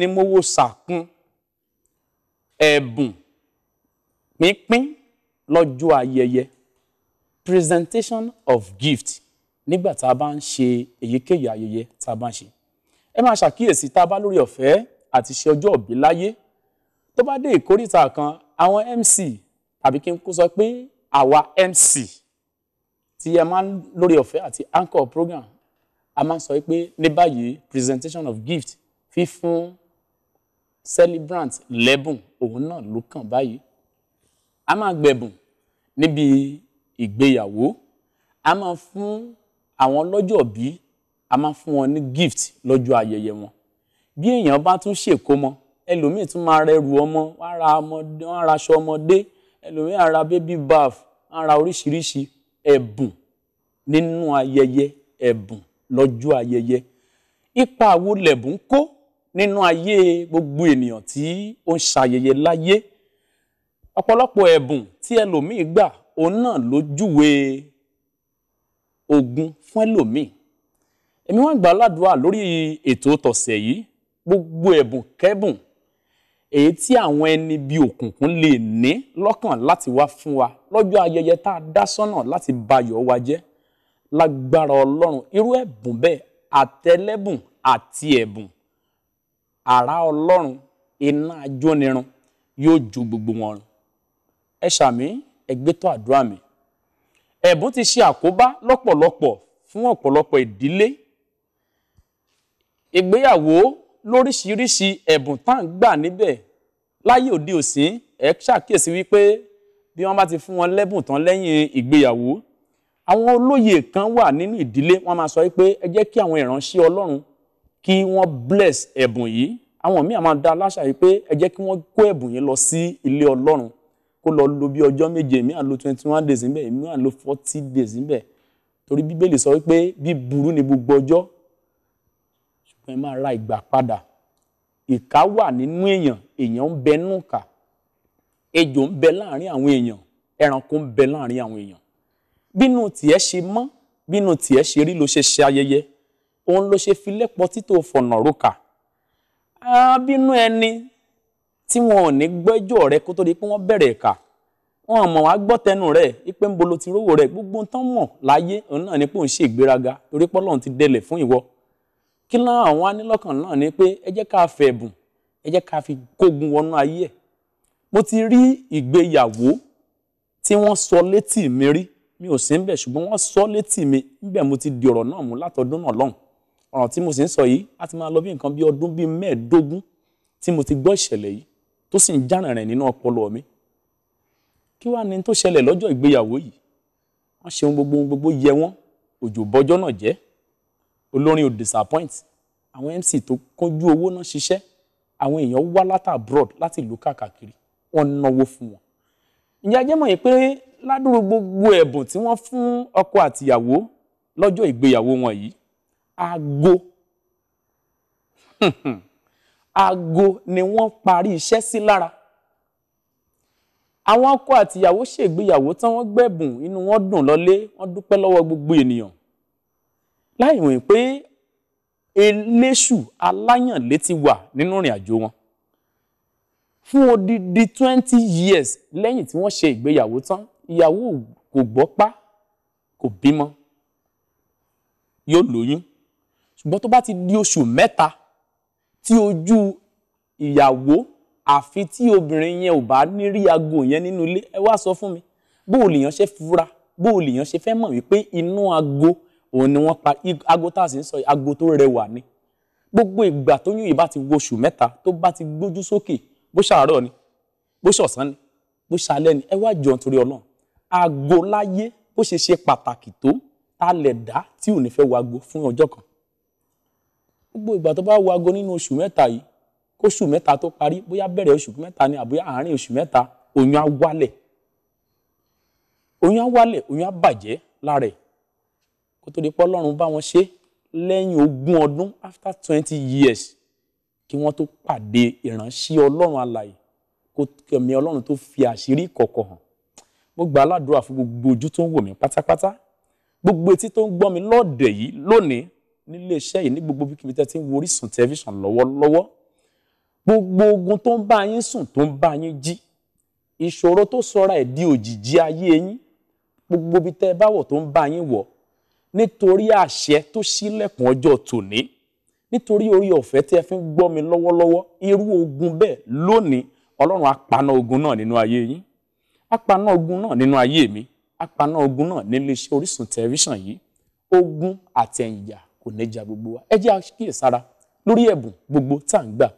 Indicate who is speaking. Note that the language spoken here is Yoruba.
Speaker 1: ni mo wo sàkún ẹ̀bùn pínpín lọ́jọ́ ayẹyẹ presentation of gift nígbà tá a bá ń ṣe èyíkéyìí ayẹyẹ tá a bá ń ṣe ẹ máa ṣàkíyèsí tá a bá lórí ọ̀fẹ́ àti ṣe ọjọ́ òbí láyé tó bá dé ìkórìtà kan àwọn MC tàbí kí n kó sọ pé àwa MC tí ẹ máa ń lórí ọ̀fẹ́ àti anchor program a máa ń sọ pé ní báyìí presentation of gift fífún celebrant lẹ́bùn òun náà ló kàn báyìí a máa gbẹ̀bùn níbi ìgbéyàwó a máa fún àwọn lọ́jọ́ bí a máa fún wọn ní gift lọ́jọ́ ayẹyẹ wọn bí èèyàn bá tún ṣèkómọ ẹlòmíì tún máa rẹrù ọmọ wọn ra ọmọdé wọn ra aṣọ ọmọdé ẹlòmíì á ra baby bath wọn ra oríṣiríṣi ẹ̀bùn nínú ayẹyẹ ẹ̀bùn lọ́jọ́ ayẹyẹ ipa wo lẹ̀bùn kó nínú ayé gbogbo ènìyàn tí ó ń ṣayẹyẹ láyé ọ̀pọ̀lọpọ̀ ẹ̀bùn tí ẹlòmíì gbà òun náà ló júwe ogun fún ẹlòmíì èmi wá gbà ládùúrà lórí ètò tọ̀sẹ̀ yìí gbogbo ẹ̀bùn kẹ́bùn èyí tí àwọn ẹni bí òkùnkùn lè ní lọ́kàn láti wá fún wa lọ́jọ́ ayẹyẹ tá a dá sọ́nà láti bayọ̀ wa jẹ́ lágbára ọlọ́run irú ẹ̀bùn bẹ́ẹ̀ àtẹlẹ́bùn àti ẹ̀bùn àrá ọlọ́run iná ajónirun yóò jó gbogbo wọn run ẹ ṣàmì ẹgbẹ́tọ̀ àdúrà mi ẹ̀bùn ti ṣe àkóbá lọ́pọ̀lọpọ̀ fún ọ̀pọ̀lọpọ̀ ìdílé ìgbéyàwó lóríṣiríṣi ẹ̀bùn tá à ń gbà níbẹ̀ láyé òde òsín ẹ ṣàkíyèsí wípé bí wọ́n bá ti fún wọn lẹ́bùn tán lẹ́yìn ìgbéyàwó àwọn olóyè kan wà nínú ìdílé wọ́n máa sọ wípé ẹ jẹ́ kí àwọn ìránṣẹ́ ọlọ́run kí wọ́n bless ẹ̀bùn yìí àwọn míì àmọ́ da aláṣà yìí pé ẹ jẹ́ kí wọ́n kó ẹ̀bùn yìí lọ sí ilé ọlọ́run kó lọ lo bí ọjọ́ méje èmi à ń lo twenty one days níbẹ̀ èmi à ń lo forty days níbẹ̀ torí bíbélì sọ wípé bí burú ni gbogbo ọjọ́ ṣùgbọ́n ẹ máa ra ìgbà padà ìkà wà nínú èèyàn èèyàn ń bẹ nù kà ejò ń bẹ láàrin àwọn èèyàn ẹranko ń bẹ láàrin àwọn èèyàn bínú tiẹ̀ ṣe mọ́ bínú tiẹ̀ ṣe rí ló ṣe ṣe ayẹyẹ òun ló ṣe fi lẹ́pọ̀ títò fọ̀nà rókà abínú ẹni tí wọn ò ní gbẹ́jọ́ rẹ kó tó di pé wọ́n bẹ̀rẹ̀ ẹ̀ka wọn mọ̀ wá gbọ́ tẹnu rẹ̀ ipe ń bolo ti rówó rẹ̀ gbogbo tán mọ̀ láyé òun náà ni pé òun ṣe ìgbéraga torí pọ́lọ́run ti délẹ̀ fún ìwọ kí náà àwọn anílọ́kàn náà ni pé ẹ jẹ́ ká fẹ́ ẹ̀bùn ẹ jẹ́ ká fi kógun wọnú ayé ẹ̀ mo ti rí ìgbéyàwó tí wọ́n sọ létí mi rí mi ò sí ń bẹ̀ ṣùgbọ́n wọ́n sọ létí mi níbẹ̀ mo ti di ọ̀rọ̀ náà mú látọdún náà lọ́hùn ọ̀ràn tí mo sì ń sọ yìí a ti máa lọ bí nǹkan bí ọdún bíi mẹ́ẹ̀ẹ́dógún tí mo ti gbọ́ ìṣẹ̀lẹ̀ yìí tó sì ń jànà rẹ̀ nínú ọpọlọ mi kí wàá ní tó ṣẹlẹ̀ lọ́jọ́ ìgbéyàwó yìí wọ́n ṣe ohun gbogbo ohun gbogbo yẹ wọ́n òjò bọ́jọ́ náà jẹ́ olórin ò disappoint àwọn mc tó kánjú owó náà ṣiṣẹ́ àwọn èèyàn wá látà abroad láti ìlú káàkiri wọ́n náwó fún wọn ìyá jẹ́ mọ̀ yìí pé ládùúgbò gbogbo ẹ̀bùn tí wọ́n fún ọkọ àtìyàwó lọ́jọ́ ìgbéyàwó wọn yìí aago aago ni wọ́n parí iṣẹ́ sí lára àwọn ọkọ àtìyàwó ṣègbéyàwó tán wọ́n gbẹ̀bùn inú wọn dùn lọ́lé wọ́n dúpẹ́ lọ́wọ́ gbogbo ènìyàn láì wọ̀nyí pé eléṣù aláyànlé ti wà nínú ìrìn àjò wọn fún odidi twenty years lẹ́yìn tí wọ́n ṣe ìgbéyàwó tán ìyàwó kò gbọ́ pa kò bímọ yóò lóyún ṣùgbọ́n tó bá ti di oṣù mẹ́ta tí ojú ìyàwó àfi tí obìnrin yẹn ò bá ní rí aago yẹn nínú ilé ẹ wá sọ fún mi bó o lèèyàn ṣe fura bó o lèèyàn ṣe fẹ́ mọ̀ wípé inú aago òun ni wọ́n pa aago tá a sì ń sọ aago tó rẹwà ni gbogbo ìgbà tó yún yìí bá ti wo oṣù mẹ́ta tó bá ti gbójú sókè bó ṣàárọ̀ ni bó ṣọ̀sán ni bó ṣalẹ́ ni ẹ wá jọ nítorí ọlọ́run aago láyé bó ṣe ṣe pàtàkì tó ta dá tí ò ní fẹ́ wo aago fún ọjọ́ kan gbogbo ìgbà tó bá wo aago nínú oṣù mẹ́ta yìí kóṣù mẹ́ta tó parí bóyá bẹ̀rẹ̀ oṣù mẹ́ta ni àbóyá àárín oṣù mẹ́ta oyún á wálẹ̀ oyún á wálẹ̀ oyún á bàjẹ́ lára kó tó di pé ọlọ́run bá wọn ṣe lẹ́yìn ogún ọdún after twenty years kí wọ́n tó pàdé ìránṣẹ́ ọlọ́run alààyè kó kẹ̀mí ọlọ́run tó fi àṣírí kọ̀kọ̀ hàn mo gbà aládùúrà fún gbogbo ojú tó ń wò mí pátápátá gbogbo etí tó ń gbọ́ mi lọ́ọ̀dẹ̀ yìí lónìí níléeṣẹ́ yìí ní gbogbo bíkíbi tẹ́ ti ń wo Orísun tẹlifíṣàn lọ́wọ́lọ́wọ́ gbogbo ogun tó ń bá yín sùn tó ń bá yín jí ìṣòro tó sọra ẹ̀ di òjìji ayé yín gbogbo ibi tẹ́ ẹ bá wọ̀ tó ń bá yín wọ̀ nítorí àṣẹ tó ṣílẹ̀kùn ọjọ́ tòní nítorí orí ọ̀fẹ́ tí ẹ fi ń gbọ́ mi lọ́wọ́lọ́wọ́ irú ogun bẹ́ẹ̀ lónìí Ọlọ́run apaná ogun náà nínú ayé yín apaná ogun náà nínú ayé mi apaná ogun náà níléeṣẹ́ Orísun tẹlifíṣàn yìí ogun àtẹ̀yìnjà kò ní ja gbogbo wa ẹ jẹ́ àkíyèsára lórí ẹ̀bùn gbogbo tá à ń gbà